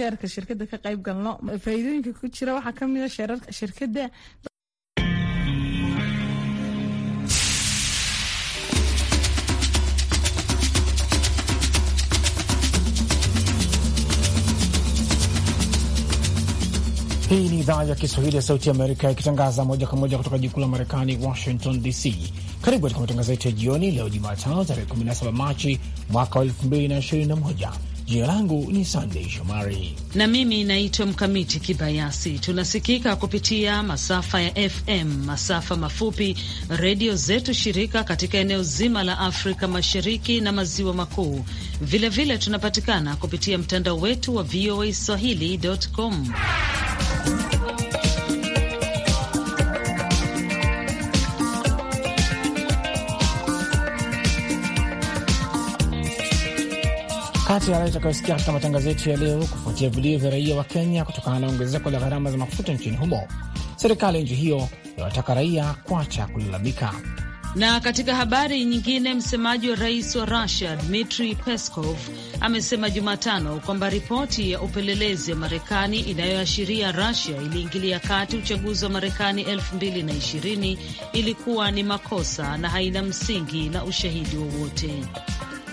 sheerka shirkada ka qayb galno faa'iidooyinka ku jira waxaa ka mid a ah sheerarka shirkada Hii ni idhaa ya Kiswahili ya Sauti Amerika ikitangaza moja kwa moja kutoka jikuu la Marekani, Washington DC. Karibu katika matangazo yetu ya jioni leo Jumatano, tarehe 17 Machi mwaka wa 2021. Jina langu ni Sandey Shomari na mimi naitwa Mkamiti Kibayasi. Tunasikika kupitia masafa ya FM, masafa mafupi, redio zetu shirika katika eneo zima la Afrika Mashariki na Maziwa Makuu. Vilevile tunapatikana kupitia mtandao wetu wa VOA swahili.com Kati ya yale utakayosikia katika matangazo yetu ya leo, kufuatia vilio vya raia wa Kenya kutokana na ongezeko la gharama za mafuta nchini humo, serikali ya nchi hiyo inawataka raia kuacha kulalamika. Na katika habari nyingine, msemaji wa rais wa Rusia Dmitri Peskov amesema Jumatano kwamba ripoti ya upelelezi wa Marekani inayoashiria Rusia iliingilia kati uchaguzi wa Marekani 2020 ilikuwa ni makosa na haina msingi na ushahidi wowote.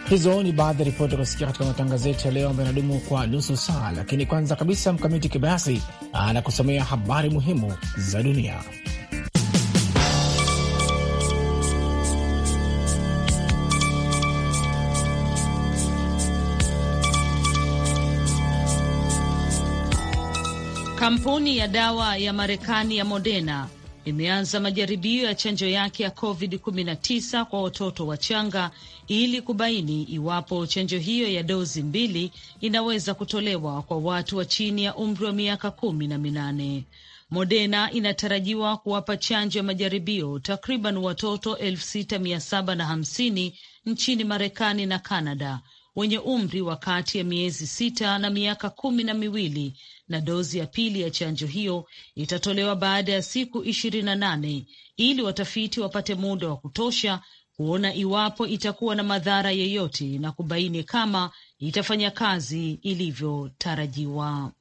Hizo ni baadhi ya ripoti ya kusikia katika matangazo yetu ya leo ambayo yanadumu kwa nusu saa, lakini kwanza kabisa Mkamiti Kibayasi anakusomea habari muhimu za dunia. Kampuni ya dawa ya Marekani ya Moderna imeanza majaribio ya chanjo yake ya COVID-19 kwa watoto wachanga ili kubaini iwapo chanjo hiyo ya dozi mbili inaweza kutolewa kwa watu wa chini ya umri wa miaka kumi na minane. Moderna inatarajiwa kuwapa chanjo ya majaribio takriban watoto elfu sita mia saba na hamsini nchini Marekani na Kanada wenye umri wa kati ya miezi sita na miaka kumi na miwili na dozi ya pili ya chanjo hiyo itatolewa baada ya siku ishirini na nane ili watafiti wapate muda wa kutosha kuona iwapo itakuwa na madhara yeyote na kubaini kama itafanya kazi ilivyotarajiwa.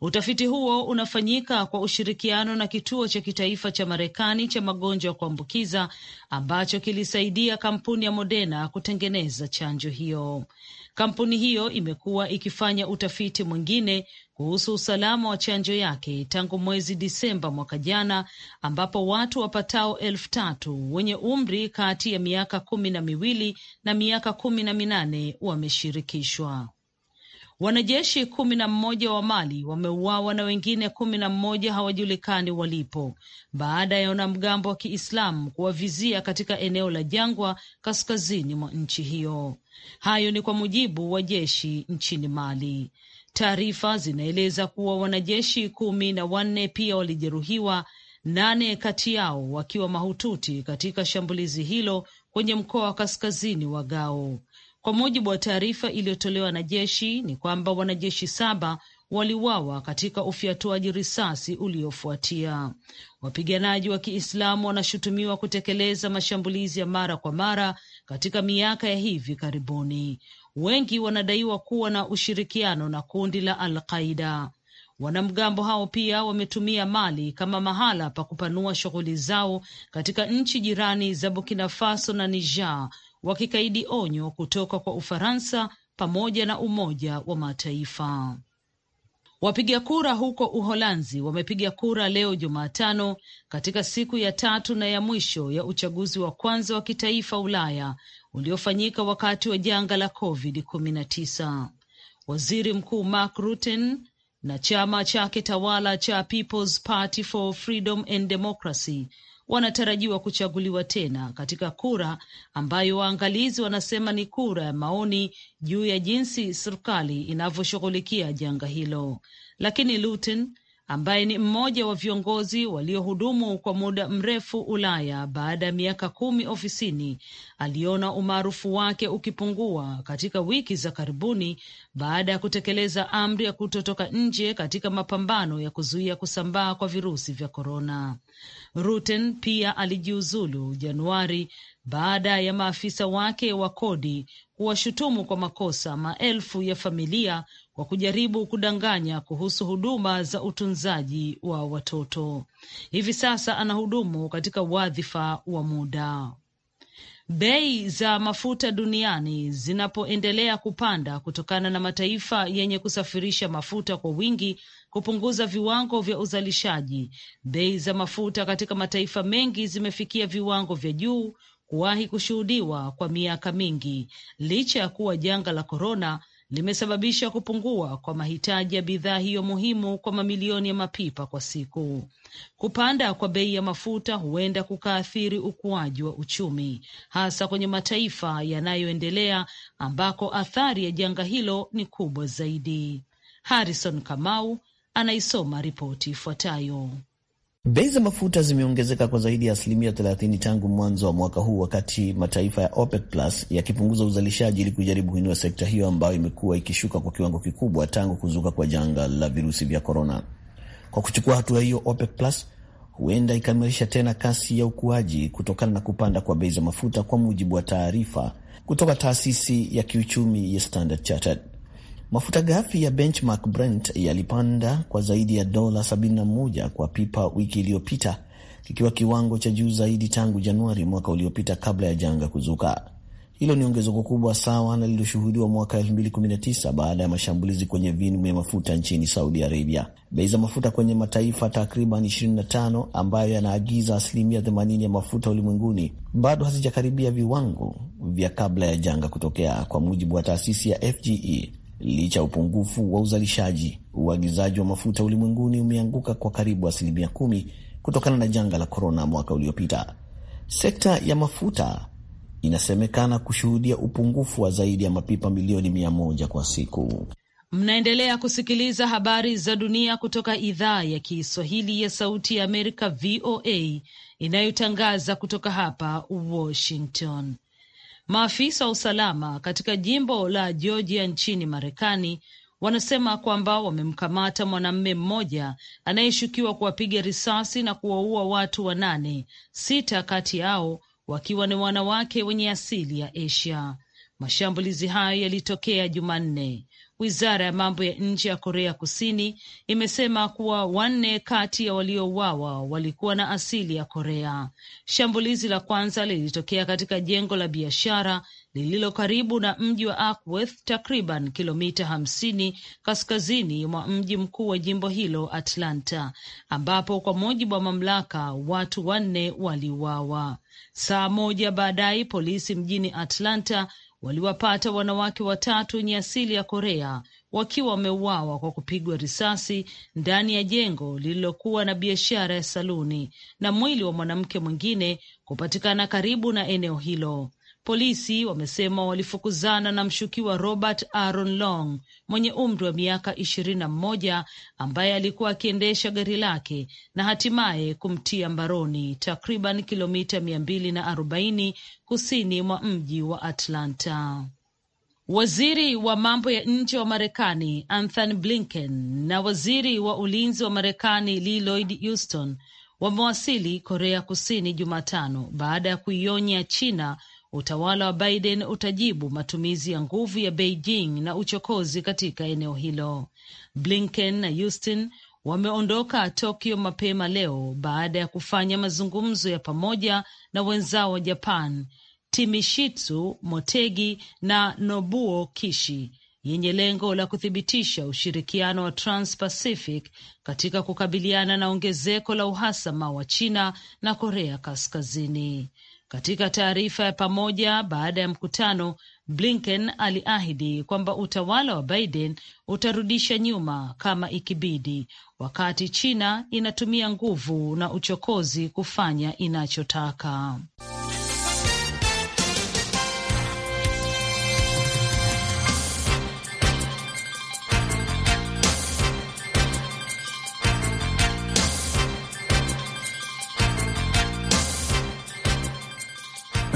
Utafiti huo unafanyika kwa ushirikiano na kituo cha kitaifa cha Marekani cha magonjwa ya kuambukiza ambacho kilisaidia kampuni ya Moderna kutengeneza chanjo hiyo. Kampuni hiyo imekuwa ikifanya utafiti mwingine kuhusu usalama wa chanjo yake tangu mwezi Disemba mwaka jana, ambapo watu wapatao elfu tatu wenye umri kati ya miaka kumi na miwili na miaka kumi na minane wameshirikishwa. Wanajeshi kumi na mmoja wa Mali wameuawa na wengine kumi na mmoja hawajulikani walipo baada ya wanamgambo wa Kiislamu kuwavizia katika eneo la jangwa kaskazini mwa nchi hiyo. Hayo ni kwa mujibu wa jeshi nchini Mali. Taarifa zinaeleza kuwa wanajeshi kumi na wanne pia walijeruhiwa, nane kati yao wakiwa mahututi katika shambulizi hilo kwenye mkoa wa kaskazini wa Gao. Kwa mujibu wa taarifa iliyotolewa na jeshi, ni kwamba wanajeshi saba waliwawa katika ufyatuaji risasi uliofuatia. Wapiganaji wa Kiislamu wanashutumiwa kutekeleza mashambulizi ya mara kwa mara katika miaka ya hivi karibuni. Wengi wanadaiwa kuwa na ushirikiano na kundi la Al-Qaida. Wanamgambo hao pia wametumia Mali kama mahala pa kupanua shughuli zao katika nchi jirani za Burkina Faso na Niger wakikaidi onyo kutoka kwa Ufaransa pamoja na Umoja wa Mataifa. Wapiga kura huko Uholanzi wamepiga kura leo Jumatano, katika siku ya tatu na ya mwisho ya uchaguzi wa kwanza wa kitaifa Ulaya uliofanyika wakati wa janga la COVID-19. Waziri Mkuu Mark Rutte na chama chake tawala cha People's Party for Freedom and Democracy wanatarajiwa kuchaguliwa tena katika kura ambayo waangalizi wanasema ni kura ya maoni juu ya jinsi serikali inavyoshughulikia janga hilo, lakini luten ambaye ni mmoja wa viongozi waliohudumu kwa muda mrefu Ulaya baada ya miaka kumi ofisini, aliona umaarufu wake ukipungua katika wiki za karibuni baada ya kutekeleza amri ya kutotoka nje katika mapambano ya kuzuia kusambaa kwa virusi vya korona. ruten pia alijiuzulu Januari baada ya maafisa wake wa kodi kuwashutumu kwa makosa maelfu ya familia kwa kujaribu kudanganya kuhusu huduma za utunzaji wa watoto. Hivi sasa anahudumu katika wadhifa wa muda. Bei za mafuta duniani zinapoendelea kupanda kutokana na mataifa yenye kusafirisha mafuta kwa wingi kupunguza viwango vya uzalishaji, bei za mafuta katika mataifa mengi zimefikia viwango vya juu kuwahi kushuhudiwa kwa miaka mingi licha ya kuwa janga la korona limesababisha kupungua kwa mahitaji ya bidhaa hiyo muhimu kwa mamilioni ya mapipa kwa siku. Kupanda kwa bei ya mafuta huenda kukaathiri ukuaji wa uchumi, hasa kwenye mataifa yanayoendelea ambako athari ya janga hilo ni kubwa zaidi. Harrison Kamau anaisoma ripoti ifuatayo. Bei za mafuta zimeongezeka kwa zaidi ya asilimia 30 tangu mwanzo wa mwaka huu, wakati mataifa ya OPEC Plus yakipunguza uzalishaji ili kujaribu kuinua sekta hiyo ambayo imekuwa ikishuka kwa kiwango kikubwa tangu kuzuka kwa janga la virusi vya korona. Kwa kuchukua hatua hiyo, OPEC Plus huenda ikamirisha tena kasi ya ukuaji kutokana na kupanda kwa bei za mafuta, kwa mujibu wa taarifa kutoka taasisi ya kiuchumi ya Standard Chartered. Mafuta ghafi ya benchmark Brent yalipanda kwa zaidi ya dola 71 kwa pipa wiki iliyopita, kikiwa kiwango cha juu zaidi tangu Januari mwaka uliopita kabla ya janga kuzuka. Hilo ni ongezeko kubwa sawa na lililoshuhudiwa mwaka 2019 baada ya mashambulizi kwenye vinu vya mafuta nchini Saudi Arabia. Bei za mafuta kwenye mataifa takriban 25 ambayo yanaagiza asilimia 80 ya mafuta ulimwenguni bado hazijakaribia viwango vya kabla ya janga kutokea, kwa mujibu wa taasisi ya FGE Licha ya upungufu wa uzalishaji, uagizaji wa mafuta ulimwenguni umeanguka kwa karibu asilimia kumi kutokana na janga la korona mwaka uliopita. Sekta ya mafuta inasemekana kushuhudia upungufu wa zaidi ya mapipa milioni mia moja kwa siku. Mnaendelea kusikiliza habari za dunia kutoka idhaa ya Kiswahili ya Sauti ya Amerika, VOA, inayotangaza kutoka hapa Washington. Maafisa wa usalama katika jimbo la Georgia nchini Marekani wanasema kwamba wamemkamata mwanamume mmoja anayeshukiwa kuwapiga risasi na kuwaua watu wanane, sita kati yao wakiwa ni wanawake wenye asili ya Asia. Mashambulizi hayo yalitokea Jumanne. Wizara ya mambo ya nje ya Korea Kusini imesema kuwa wanne kati ya waliouawa walikuwa na asili ya Korea. Shambulizi la kwanza lilitokea katika jengo la biashara lililo karibu na mji wa Acworth, takriban kilomita hamsini kaskazini mwa mji mkuu wa jimbo hilo Atlanta, ambapo kwa mujibu wa mamlaka watu wanne waliuawa. Saa moja baadaye polisi mjini Atlanta waliwapata wanawake watatu wenye asili ya Korea wakiwa wameuawa kwa kupigwa risasi ndani ya jengo lililokuwa na biashara ya saluni na mwili wa mwanamke mwingine kupatikana karibu na eneo hilo. Polisi wamesema walifukuzana na mshukiwa Robert Aaron Long mwenye umri wa miaka ishirini na mmoja ambaye alikuwa akiendesha gari lake na hatimaye kumtia mbaroni takriban kilomita mia mbili na arobaini kusini mwa mji wa Atlanta. Waziri wa mambo ya nje wa Marekani Anthony Blinken na waziri wa ulinzi wa Marekani Lloyd Austin wamewasili Korea Kusini Jumatano baada ya kuionya China Utawala wa Biden utajibu matumizi ya nguvu ya Beijing na uchokozi katika eneo hilo. Blinken na Houston wameondoka Tokyo mapema leo baada ya kufanya mazungumzo ya pamoja na wenzao wa Japan Timishitsu Motegi na Nobuo Kishi yenye lengo la kuthibitisha ushirikiano wa Trans-Pacific katika kukabiliana na ongezeko la uhasama wa China na Korea Kaskazini. Katika taarifa ya pamoja baada ya mkutano, Blinken aliahidi kwamba utawala wa Biden utarudisha nyuma kama ikibidi, wakati China inatumia nguvu na uchokozi kufanya inachotaka.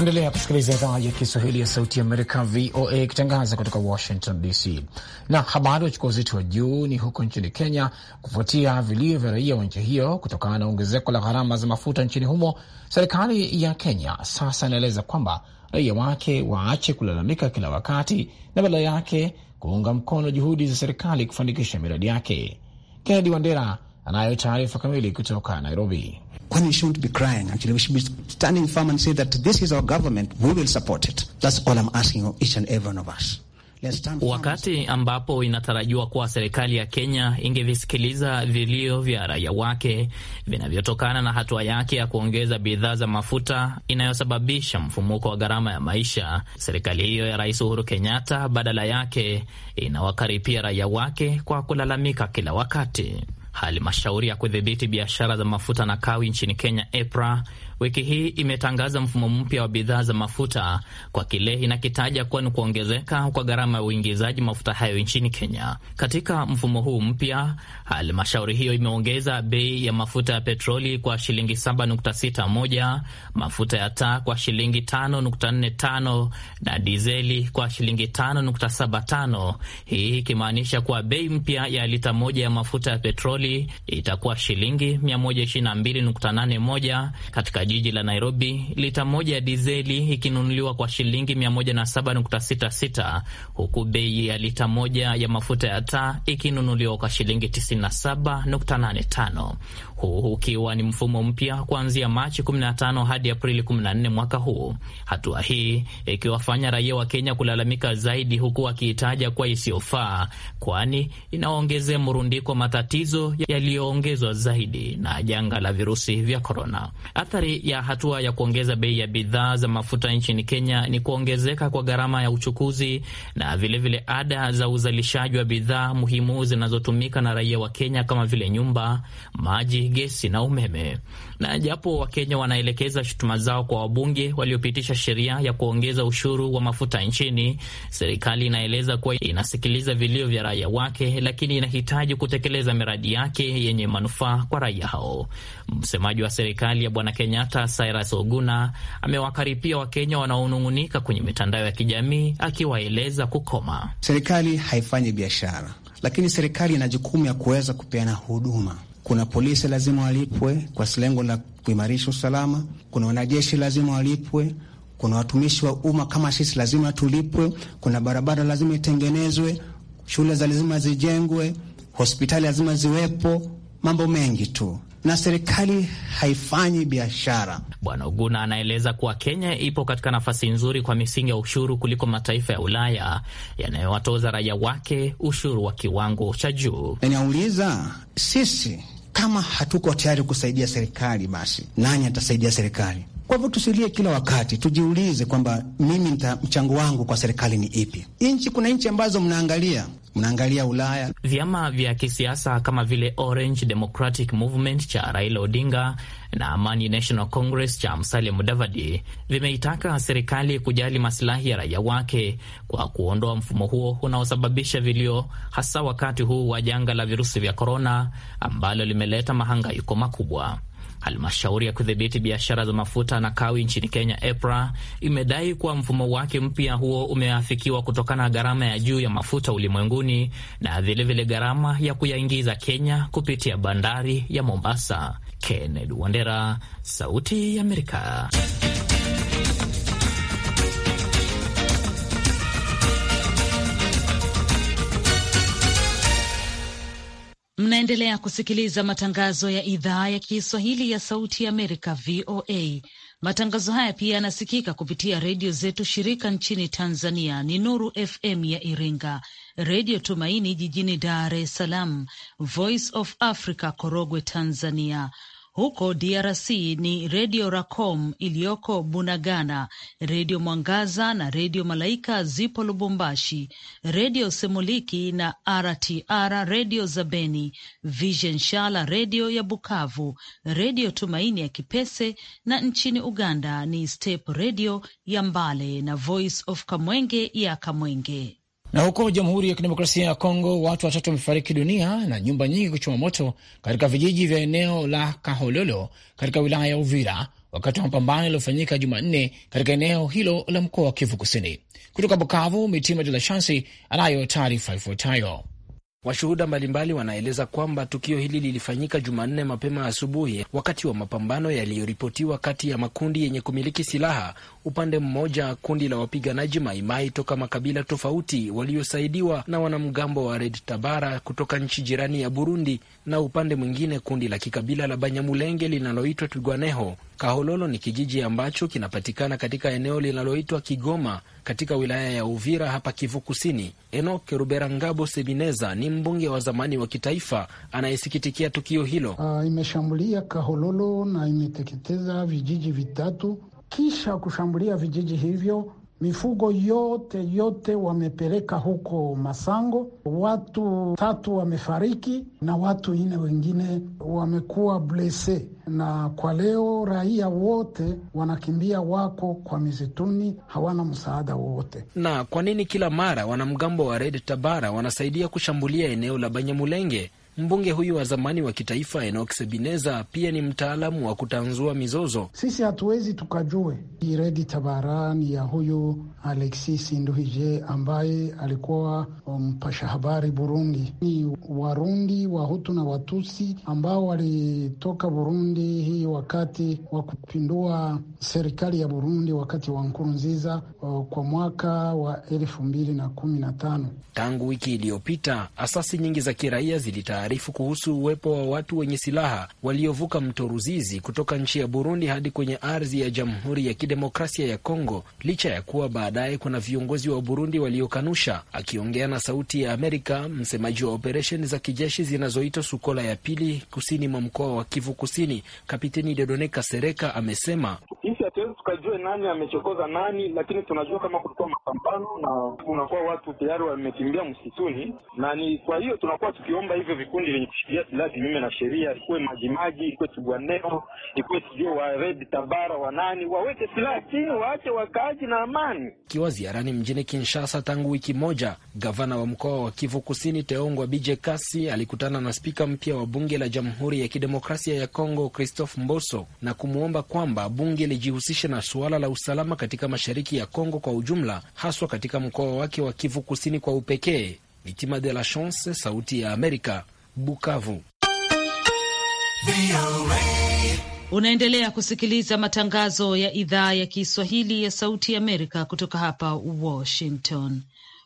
Endelea kusikiliza idhaa ya Kiswahili ya Sauti ya Amerika, VOA, ikitangaza kutoka Washington DC. Na habari wachukua uzito wa juu ni huko nchini Kenya, kufuatia vilio vya raia wa nchi hiyo kutokana na ongezeko la gharama za mafuta nchini humo. Serikali ya Kenya sasa inaeleza kwamba raia wake waache kulalamika kila wakati na badala yake kuunga mkono juhudi za serikali kufanikisha miradi yake. Kennedy Wandera anayo taarifa kamili kutoka Nairobi. When we shouldn't be crying, actually, we should be standing firm and say that this is our government, we will support it. That's all I'm asking of each and every one of us. Wakati ambapo inatarajiwa kuwa serikali ya Kenya ingevisikiliza vilio vya raia wake vinavyotokana na hatua yake ya kuongeza bidhaa za mafuta inayosababisha mfumuko wa gharama ya maisha, serikali hiyo ya Rais Uhuru Kenyatta badala yake inawakaripia raia wake kwa kulalamika kila wakati. Halmashauri ya kudhibiti biashara za mafuta na kawi nchini Kenya, EPRA, wiki hii imetangaza mfumo mpya wa bidhaa za mafuta kwa kile inakitaja kuwa ni kuongezeka kwa gharama ya uingizaji mafuta hayo nchini Kenya. Katika mfumo huu mpya, halmashauri hiyo imeongeza bei ya mafuta ya petroli kwa shilingi 7.61, mafuta ya taa kwa shilingi 5.45 na dizeli kwa shilingi 5.75, hii ikimaanisha kuwa bei mpya ya lita moja ya mafuta ya petroli itakuwa shilingi 122.81 katika jiji la Nairobi, lita moja ya dizeli ikinunuliwa kwa shilingi 107.66 huku bei ya lita moja ya mafuta ya taa ikinunuliwa kwa shilingi 97.85, huu ukiwa ni mfumo mpya kuanzia Machi 15 hadi Aprili 14 mwaka huu. Hatua hii ikiwafanya raia wa Kenya kulalamika zaidi, huku wakiitaja kuwa isiyofaa, kwani inaongezea mrundiko matatizo yaliyoongezwa zaidi na janga la virusi vya korona. Athari ya hatua ya kuongeza bei ya bidhaa za mafuta nchini Kenya ni kuongezeka kwa gharama ya uchukuzi na vilevile vile ada za uzalishaji wa bidhaa muhimu zinazotumika na raia wa Kenya kama vile nyumba, maji, gesi na umeme. Na japo Wakenya wanaelekeza shutuma zao kwa wabunge waliopitisha sheria ya kuongeza ushuru wa mafuta nchini, serikali inaeleza kuwa inasikiliza vilio vya raia wake, lakini inahitaji kutekeleza miradi yake yenye manufaa kwa raia hao. Msemaji wa serikali ya Bwana Kenya Kenyatta Cyrus Oguna amewakaripia Wakenya wanaonung'unika kwenye mitandao ya kijamii akiwaeleza kukoma. Serikali haifanyi biashara, lakini serikali ina jukumu ya kuweza kupeana huduma. Kuna polisi lazima walipwe kwa lengo la kuimarisha usalama, kuna wanajeshi lazima walipwe kuna watumishi wa umma kama sisi lazima tulipwe. Kuna barabara lazima itengenezwe, shule za lazima zijengwe, hospitali lazima ziwepo, mambo mengi tu na serikali haifanyi biashara. Bwana uguna anaeleza kuwa Kenya ipo katika nafasi nzuri kwa misingi ya ushuru kuliko mataifa ya Ulaya yanayowatoza raia wake ushuru wa kiwango cha juu. Ninauliza, sisi kama hatuko tayari kusaidia serikali, basi nani atasaidia serikali? Kwa hivyo tusilie kila wakati, tujiulize kwamba mimi nta mchango wangu kwa serikali ni ipi? Nchi, kuna nchi ambazo mnaangalia mnaangalia Ulaya, vyama vya kisiasa kama vile Orange Democratic Movement cha Raila Odinga na Amani National Congress cha Musalia Mudavadi vimeitaka serikali kujali masilahi ya raia wake kwa kuondoa mfumo huo unaosababisha vilio, hasa wakati huu wa janga la virusi vya korona ambalo limeleta mahangaiko makubwa. Halmashauri ya kudhibiti biashara za mafuta na kawi nchini Kenya, EPRA, imedai kuwa mfumo wake mpya huo umeafikiwa kutokana na gharama ya juu ya mafuta ulimwenguni na vilevile gharama ya kuyaingiza Kenya kupitia bandari ya Mombasa. Kennedy Wandera, Sauti ya Amerika. Mnaendelea kusikiliza matangazo ya idhaa ya Kiswahili ya Sauti ya Amerika, VOA. Matangazo haya pia yanasikika kupitia redio zetu shirika nchini Tanzania ni Nuru FM ya Iringa, Redio Tumaini jijini Dar es Salaam, Voice of Africa Korogwe, Tanzania, huko DRC ni Redio Racom iliyoko Bunagana, Redio Mwangaza na Redio Malaika zipo Lubumbashi, Redio Semuliki na RTR, Redio Zabeni, Vision Shala, Redio ya Bukavu, Redio Tumaini ya Kipese, na nchini Uganda ni Step Redio ya Mbale na Voice of Kamwenge ya Kamwenge. Na huko Jamhuri ya Kidemokrasia ya Kongo, watu watatu wamefariki dunia na nyumba nyingi kuchoma moto katika vijiji vya eneo la Kahololo katika wilaya ya Uvira wakati wa mapambano yaliyofanyika Jumanne katika eneo hilo la mkoa wa Kivu Kusini. Kutoka Bukavu, Mitima De La Shansi anayo taarifa ifuatayo. Washuhuda mbalimbali wanaeleza kwamba tukio hili lilifanyika Jumanne mapema asubuhi wakati wa mapambano yaliyoripotiwa kati ya makundi yenye kumiliki silaha, upande mmoja kundi la wapiganaji Maimai toka makabila tofauti waliosaidiwa na wanamgambo wa Red Tabara kutoka nchi jirani ya Burundi, na upande mwingine kundi la kikabila la Banyamulenge linaloitwa Twigwaneho. Kahololo ni kijiji ambacho kinapatikana katika eneo linaloitwa Kigoma katika wilaya ya Uvira hapa Kivu Kusini. Enok Ruberangabo Sebineza ni mbunge wa zamani wa kitaifa anayesikitikia tukio hilo. Uh, imeshambulia Kahololo na imeteketeza vijiji vitatu, kisha kushambulia vijiji hivyo mifugo yote yote wamepeleka huko Masango. Watu tatu wamefariki na watu nne wengine wamekuwa blese, na kwa leo raia wote wanakimbia, wako kwa mizituni, hawana msaada wowote. Na kwa nini kila mara wanamgambo wa Red Tabara wanasaidia kushambulia eneo la Banyamulenge? Mbunge huyu wa zamani wa kitaifa Enock Sebineza pia ni mtaalamu wa kutanzua mizozo. Sisi hatuwezi tukajue iredi tabarani ya huyu Alexis Nduhije ambaye alikuwa mpasha habari Burundi. Ni Warundi, Wahutu na Watusi ambao walitoka Burundi hii wakati wa kupindua serikali ya Burundi wakati wa Nkurunziza kwa mwaka wa elfu mbili na kumi na tano. Tangu wiki iliyopita asasi nyingi za kiraia zilita taarifu kuhusu uwepo wa watu wenye silaha waliovuka mto Ruzizi kutoka nchi ya Burundi hadi kwenye ardhi ya Jamhuri ya Kidemokrasia ya Kongo, licha ya kuwa baadaye kuna viongozi wa Burundi waliokanusha. Akiongea na Sauti ya Amerika, msemaji wa operesheni za kijeshi zinazoitwa Sukola ya pili kusini mwa mkoa wa Kivu Kusini, Kapiteni Dodone Kasereka amesema sisi hatuwezi tukajua nani amechokoza nani, lakini tunajua kama kulikuwa mapambano na kunakuwa watu tayari wamekimbia msituni, na ni kwa hiyo tunakuwa tukiomba hivyo kundi lenye kushikilia silaha kinyume na sheria, ikuwe majimaji, ikuwe Kibwaneo, ikuwe sijui wa Red Tabara wa nani, waweke silaha chini, waache wakaaji na amani. Ikiwa ziarani mjini Kinshasa tangu wiki moja, gavana wa mkoa wa Kivu Kusini Teongwa Bije Kasi alikutana na spika mpya wa bunge la Jamhuri ya Kidemokrasia ya Kongo Christophe Mboso na kumwomba kwamba bunge lijihusishe na suala la usalama katika mashariki ya Kongo kwa ujumla, haswa katika mkoa wake wa Kivu Kusini kwa upekee. Mitima de la Chance, Sauti ya Amerika, Bukavu. Unaendelea kusikiliza matangazo ya idhaa ya Kiswahili ya Sauti ya Amerika kutoka hapa Washington.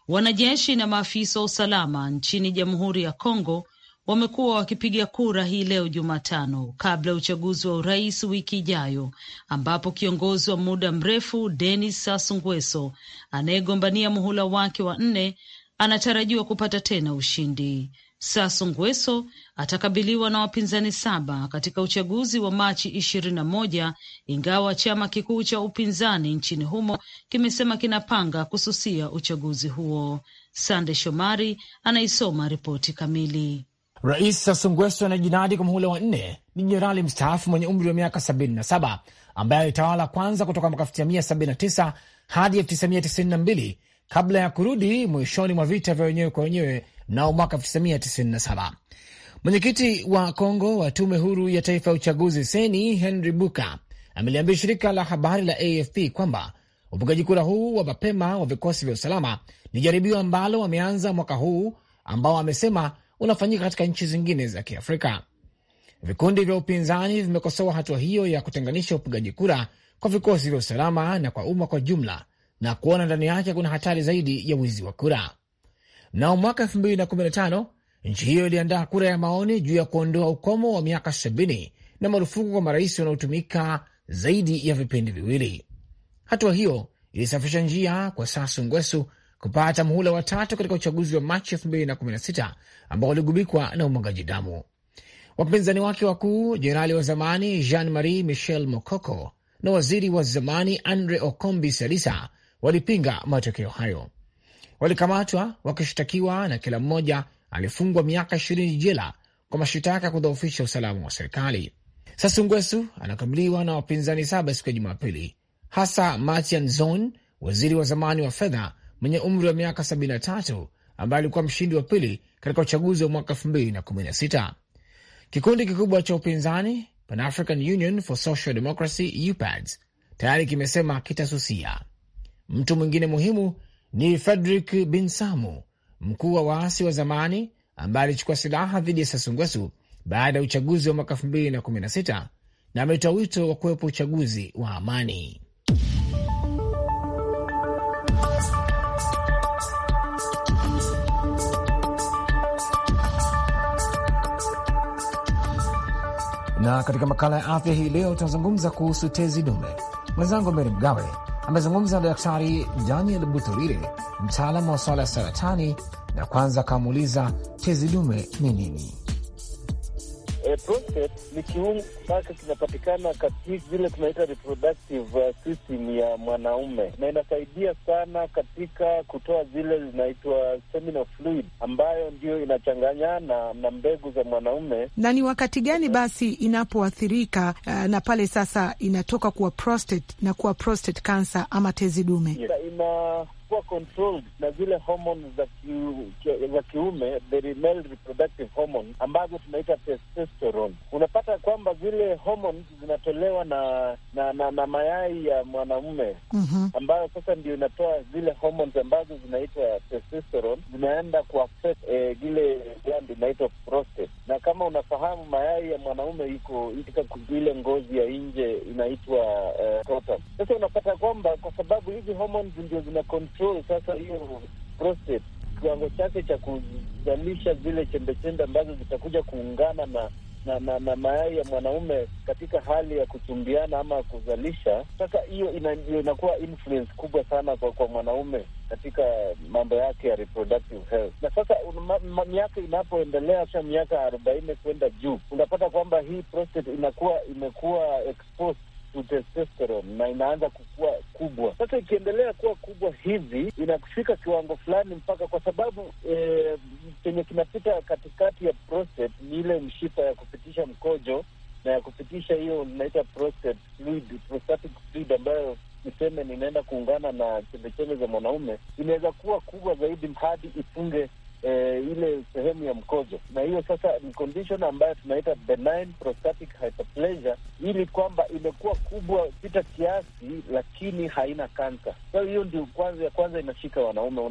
Wanajeshi na maafisa wa usalama nchini Jamhuri ya Kongo wamekuwa wakipiga kura hii leo Jumatano kabla ya uchaguzi wa urais wiki ijayo, ambapo kiongozi wa muda mrefu Denis Sassou Nguesso anayegombania muhula wake wa nne anatarajiwa kupata tena ushindi. Sassou Nguesso atakabiliwa na wapinzani saba katika uchaguzi wa Machi ishirini na moja ingawa chama kikuu cha upinzani nchini humo kimesema kinapanga kususia uchaguzi huo. Sande Shomari anaisoma ripoti kamili. Rais Sassou Nguesso anajinadi kwa muhula wa nne ni jenerali mstaafu mwenye umri wa miaka 77 ambaye alitawala kwanza kutoka mwaka 1979 hadi 1992 kabla ya kurudi mwishoni mwa vita vya wenyewe kwa wenyewe nao mwaka 1997. Mwenyekiti wa Kongo wa tume huru ya taifa ya uchaguzi seni Henry Buka ameliambia shirika la habari la AFP kwamba upigaji kura huu wa mapema wa vikosi vya usalama ni jaribio ambalo wameanza mwaka huu ambao amesema unafanyika katika nchi zingine za Kiafrika. Vikundi vya upinzani vimekosoa hatua hiyo ya kutenganisha upigaji kura kwa vikosi vya usalama na kwa umma kwa jumla na kuona ndani yake kuna hatari zaidi ya wizi wa kura. Nao mwaka 2015 nchi hiyo iliandaa kura ya maoni juu ya kuondoa ukomo wa miaka 70 na marufuku kwa marais wanaotumika zaidi ya vipindi viwili. Hatua hiyo ilisafisha njia kwa Sasu Ngwesu kupata muhula wa tatu katika uchaguzi wa Machi 2016 ambao uligubikwa na umwagaji damu. Wapinzani wake wakuu, jenerali wa zamani Jean Marie Michel Mokoko na waziri wa zamani Andre Okombi Salisa walipinga matokeo hayo. Walikamatwa wakishtakiwa na kila mmoja alifungwa miaka ishirini jela kwa mashitaka ya kudhoofisha usalama wa serikali. Sasungwesu anakabiliwa na wapinzani saba siku ya Jumapili, hasa Matian Zon, waziri wa zamani wa fedha mwenye umri wa miaka 73 ambaye alikuwa mshindi wa pili katika uchaguzi wa mwaka 2016. Kikundi kikubwa cha upinzani Pan African Union for Social Democracy, UPADS, tayari kimesema kitasusia Mtu mwingine muhimu ni Fredrik Binsamu, mkuu wa waasi wa zamani ambaye alichukua silaha dhidi ya Sasungwesu baada ya uchaguzi wa mwaka 2016 na ametoa wito wa kuwepo uchaguzi wa amani. Na katika makala ya afya hii leo tunazungumza kuhusu tezi dume. Mwenzangu Meri Mgawe amezungumza na Daktari Daniel Buturire, mtaalamu wa swala ya saratani, na kwanza akamuuliza tezi dume ni nini e, eh, prostate ni kiungo ambacho kinapatikana katika zile tunaita reproductive eh, system ya mwanaume, na inasaidia sana katika kutoa zile zinaitwa seminal fluid ambayo ndio inachanganyana na mbegu za mwanaume. Na ni wakati gani basi inapoathirika, uh, na pale sasa inatoka kuwa prostate na kuwa prostate cancer ama tezi dume? yes inakuwa controlled na zile za za kiume, the male reproductive hormone ambazo tunaita testosterone. Unapata kwamba zile hormones zinatolewa na na, na, na mayai ya mwanamume mm -hmm. ambayo sasa ndio inatoa zile hormones ambazo zinaitwa testosterone, zinaenda kuaffect eh, ile gland inaitwa prostate na kama unafahamu mayai ya mwanaume iko ile ngozi ya nje inaitwa uh, sasa unapata kwamba kwa sababu hizi hormones ndio zina control sasa hiyo prostate kiwango chake cha kuzalisha zile chembechembe ambazo zitakuja kuungana na na, na, na mayai ya mwanaume katika hali ya kuchumbiana ama kuzalisha. Sasa hiyo inakuwa influence kubwa sana kwa, kwa mwanaume katika mambo yake ya reproductive health. Na sasa miaka inapoendelea sha miaka arobaini kwenda juu, unapata kwamba hii prostate inakuwa imekuwa exposed testosterone na inaanza kukua kubwa. Sasa ikiendelea kuwa kubwa hivi, inafika kiwango fulani mpaka, kwa sababu eh, chenye e, kinapita katikati ya prostate ni ile mshipa ya kupitisha mkojo na ya kupitisha hiyo inaita prostate fluid, prostatic fluid ambayo niseme ninaenda kuungana na chembechembe za mwanaume, inaweza kuwa kubwa zaidi hadi ifunge e, ile sehemu ya mkojo, na hiyo sasa ni condition ambayo tunaita benign prostatic hyperplasia, ili kwamba imekuwa kubwa pita kiasi, lakini haina kansa. So hiyo ndio kwanza ya kwanza inashika wanaume.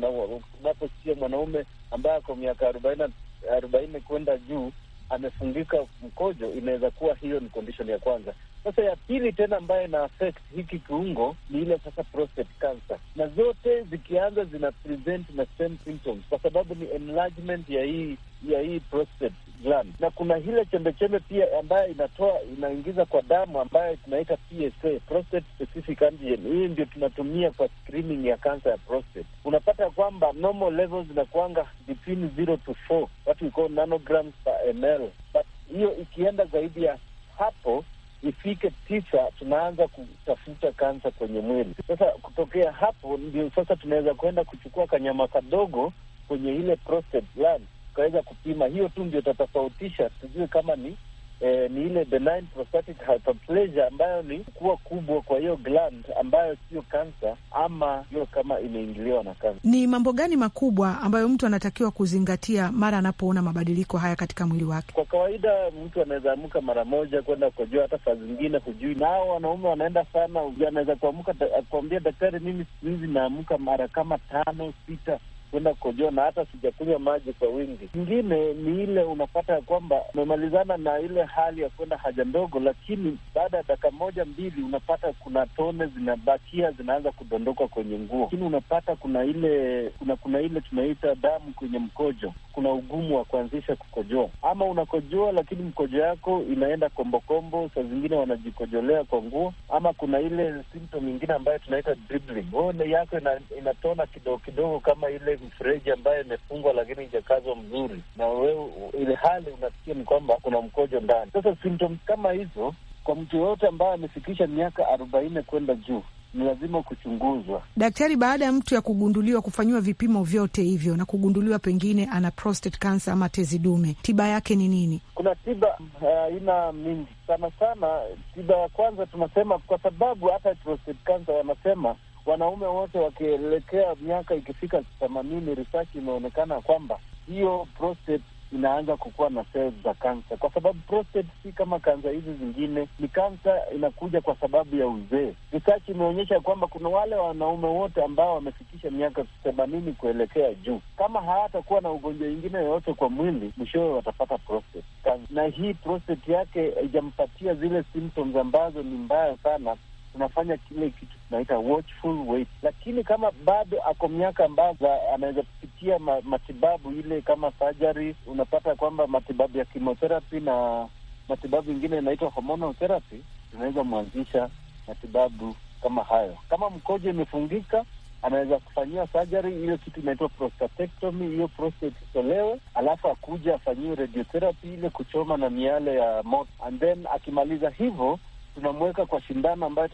Unaposikia mwanaume ambaye ako miaka arobaini arobaini kwenda juu amefungika mkojo, inaweza kuwa hiyo ni condition ya kwanza. Sasa ya pili tena ambayo ina affect hiki kiungo ni ile sasa prostate cancer, na zote zikianza zina present na same symptoms, kwa sababu ni enlargement ya hii ya hii prostate gland, na kuna ile chembechembe pia ambayo inatoa inaingiza kwa damu ambayo tunaita PSA, prostate specific antigen. Hii ndio tunatumia kwa screening ya kansa ya prostate. Unapata kwamba normal levels zinakuanga between zero to four, what we call nanograms per ml, but hiyo ikienda zaidi ya hapo ifike tisa, tunaanza kutafuta kansa kwenye mwili. Sasa kutokea hapo ndio sasa tunaweza kwenda kuchukua kanyama kadogo kwenye ile prostate gland tukaweza kupima. Hiyo tu ndio tatofautisha tujue kama ni eh, ni ile benign prostatic hyperplasia ambayo ni kuwa kubwa kwa hiyo gland ambayo sio kansa ama hiyo kama imeingiliwa na kansa. Ni mambo gani makubwa ambayo mtu anatakiwa kuzingatia mara anapoona mabadiliko haya katika mwili wake? Kwa kawaida mtu anaweza amka mara moja kwenda kujua, hata saa zingine hujui. Nao wanaume wanaenda sana, anaweza kuamka kuambia daktari, mimi siku hizi naamka mara kama tano sita kwenda kukojoa na hata sijakunywa maji kwa wingi. Ingine ni ile unapata ya kwamba umemalizana na ile hali ya kwenda haja ndogo, lakini baada ya dakika moja mbili unapata kuna tone zinabakia zinaanza kudondoka kwenye nguo, lakini unapata kuna ile kuna, kuna ile tunaita damu kwenye mkojo, kuna ugumu wa kuanzisha kukojoa, ama unakojoa lakini mkojo yako inaenda kombokombo, saa zingine wanajikojolea kwa nguo, ama kuna ile symptom ingine ambayo tunaita dribbling, yako ina, inatona kidogo kidogo kama ile mfereji ambayo imefungwa lakini ijakazwa mzuri, na wewe ile hali unasikia ni kwamba kuna mkojo ndani. Sasa symptoms kama hizo kwa mtu yoyote ambaye amefikisha miaka arobaini kwenda juu ni lazima kuchunguzwa daktari. Baada ya mtu ya kugunduliwa kufanyiwa vipimo vyote hivyo na kugunduliwa pengine ana prostate cancer ama tezi dume, tiba yake ni nini? Kuna tiba uh, aina uh, mingi sana sana. Tiba ya kwanza tunasema, kwa sababu hata prostate cancer wanasema wanaume wote wakielekea miaka ikifika themanini, research imeonekana kwamba hiyo prostate inaanza kukuwa na cells za kansa, kwa sababu prostate si kama kansa hizi zingine, ni kansa inakuja kwa sababu ya uzee. Research imeonyesha kwamba kuna wale wanaume wote ambao wamefikisha miaka themanini kuelekea juu, kama hawatakuwa na ugonjwa ingine yoyote kwa mwili, mwishowe watapata prostate cancer. na hii prostate yake haijampatia zile symptoms ambazo ni mbaya sana, unafanya kile kitu naita watchful wait, lakini kama bado ako miaka ambazo anaweza kupitia ma, matibabu ile kama surgery, unapata kwamba matibabu ya chemotherapy na matibabu ingine inaitwa hormonal therapy, tunaweza mwanzisha matibabu kama hayo. Kama mkojo imefungika anaweza kufanyiwa surgery, hiyo kitu inaitwa prostatectomy. Hiyo prostate itolewe, alafu akuja afanyiwe radiotherapy ile kuchoma na miale ya moto, and then akimaliza hivyo tunamweka kwa sindano ambayo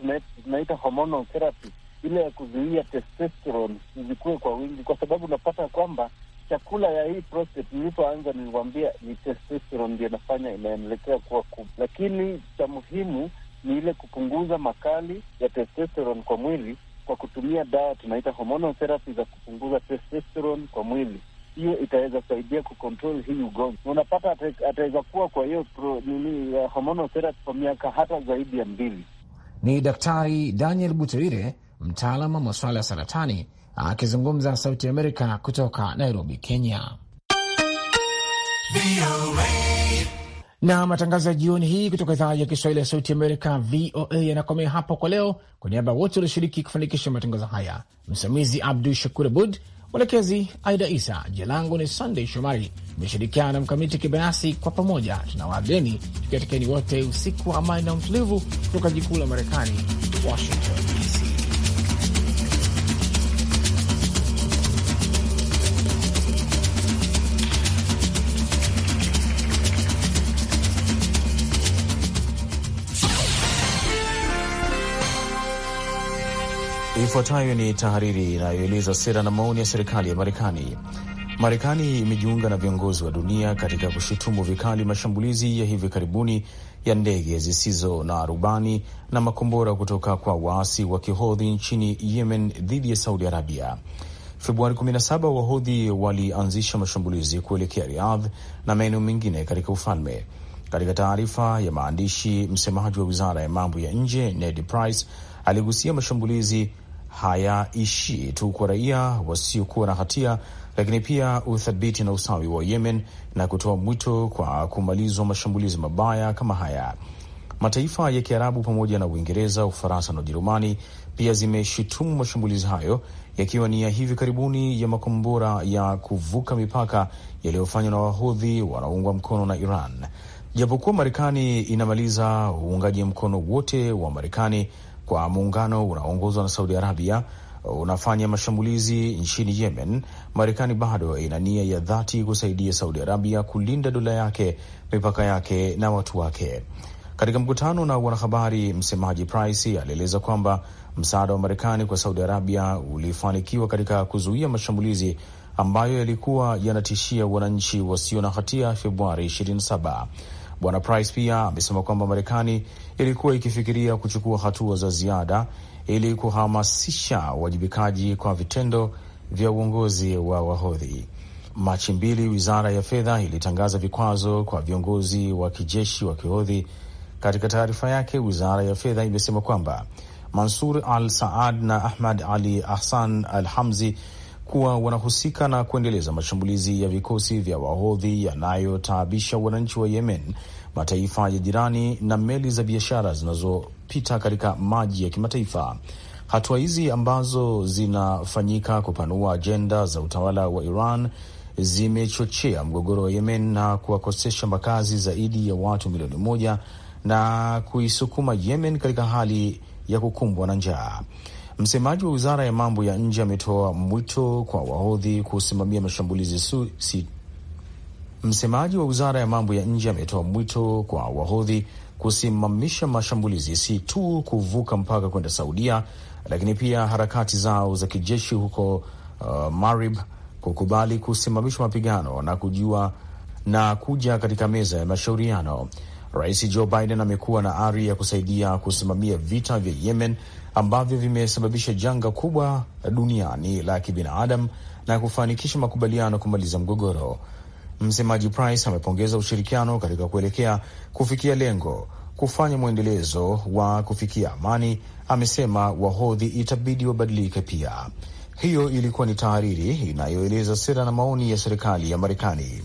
tunaita hormonal therapy, ile ya kuzuia testosterone izikuwe kwa wingi, kwa sababu unapata kwamba chakula ya hii prostate nilipoanza nilikwambia ni testosterone ndio inafanya inaelekea kuwa kubwa, lakini cha muhimu ni ile kupunguza makali ya testosterone kwa mwili kwa kutumia dawa tunaita hormonal therapy za kupunguza testosterone kwa mwili hiyo itaweza kusaidia kucontrol hii ugonjwa. Unapata ataweza kuwa kwa hiyo nini ya hormonal therapy kwa miaka hata zaidi ya mbili. Ni Daktari Daniel Buterire, mtaalam wa masuala ya saratani, akizungumza Sauti Amerika kutoka Nairobi, Kenya. Na matangazo ya jioni hii kutoka idhaa ya Kiswahili ya Sauti Amerika, VOA, yanakomea hapo kwa leo. Kwa niaba ya wote walioshiriki kufanikisha matangazo haya, msimamizi Abdu Shakur Abud, Mwelekezi Aida Isa. Jina langu ni Sunday Shomari, imeshirikiana na Mkamiti Kibayasi. Kwa pamoja tuna wageni tukiatikeni wote usiku wa amani na utulivu, kutoka jikuu la Marekani, Washington DC. Ifuatayo ni tahariri inayoeleza sera na maoni ya serikali ya Marekani. Marekani imejiunga na viongozi wa dunia katika kushutumu vikali mashambulizi ya hivi karibuni ya ndege zisizo na rubani na makombora kutoka kwa waasi wa kihodhi nchini Yemen dhidi ya Saudi Arabia. Februari 17 wahodhi walianzisha mashambulizi kuelekea riadh na maeneo mengine katika ufalme. Katika taarifa ya maandishi, msemaji wa wizara ya mambo ya nje Ned Price aligusia mashambulizi hayaishii tu kwa raia wasiokuwa na hatia, lakini pia uthabiti na usawi wa Yemen na kutoa mwito kwa kumalizwa mashambulizi mabaya kama haya. Mataifa ya Kiarabu pamoja na Uingereza, Ufaransa na Ujerumani pia zimeshutumu mashambulizi hayo yakiwa ni ya hivi karibuni ya makombora ya kuvuka mipaka yaliyofanywa na wahodhi wanaoungwa mkono na Iran. Japokuwa Marekani inamaliza uungaji mkono wote wa Marekani kwa muungano unaoongozwa na Saudi Arabia unafanya mashambulizi nchini Yemen, Marekani bado ina nia ya dhati kusaidia Saudi Arabia kulinda dola yake, mipaka yake na watu wake. Katika mkutano na wanahabari, msemaji Price alieleza kwamba msaada wa Marekani kwa Saudi Arabia ulifanikiwa katika kuzuia mashambulizi ambayo yalikuwa yanatishia wananchi wasio na hatia Februari Bwana Price pia amesema kwamba Marekani ilikuwa ikifikiria kuchukua hatua za ziada ili kuhamasisha uwajibikaji kwa vitendo vya uongozi wa Wahodhi. Machi mbili, wizara ya fedha ilitangaza vikwazo kwa viongozi wa kijeshi wa Kihodhi. Katika taarifa yake, wizara ya fedha imesema kwamba Mansur al Saad na Ahmad Ali Ahsan al Hamzi kuwa wanahusika na kuendeleza mashambulizi ya vikosi vya wahodhi yanayotaabisha wananchi wa Yemen, mataifa ya jirani na meli za biashara zinazopita katika maji ya kimataifa. Hatua hizi ambazo zinafanyika kupanua ajenda za utawala wa Iran zimechochea mgogoro wa Yemen na kuwakosesha makazi zaidi ya watu milioni moja na kuisukuma Yemen katika hali ya kukumbwa na njaa. Msemaji wa wizara ya mambo ya nje ametoa mwito kwa wahodhi kusimamia mashambulizi su, si, msemaji wa wizara ya mambo ya nje ametoa mwito kwa wahodhi kusimamisha mashambulizi si tu kuvuka mpaka kwenda Saudia, lakini pia harakati zao za kijeshi huko uh, Marib, kukubali kusimamisha mapigano na kujua na kuja katika meza ya mashauriano. Rais Joe Biden amekuwa na ari ya kusaidia kusimamia vita vya Yemen ambavyo vimesababisha janga kubwa duniani la kibinadamu na kufanikisha makubaliano kumaliza mgogoro. Msemaji Price amepongeza ushirikiano katika kuelekea kufikia lengo, kufanya mwendelezo wa kufikia amani. Amesema wahodhi itabidi wabadilike pia. Hiyo ilikuwa ni tahariri inayoeleza sera na maoni ya serikali ya Marekani.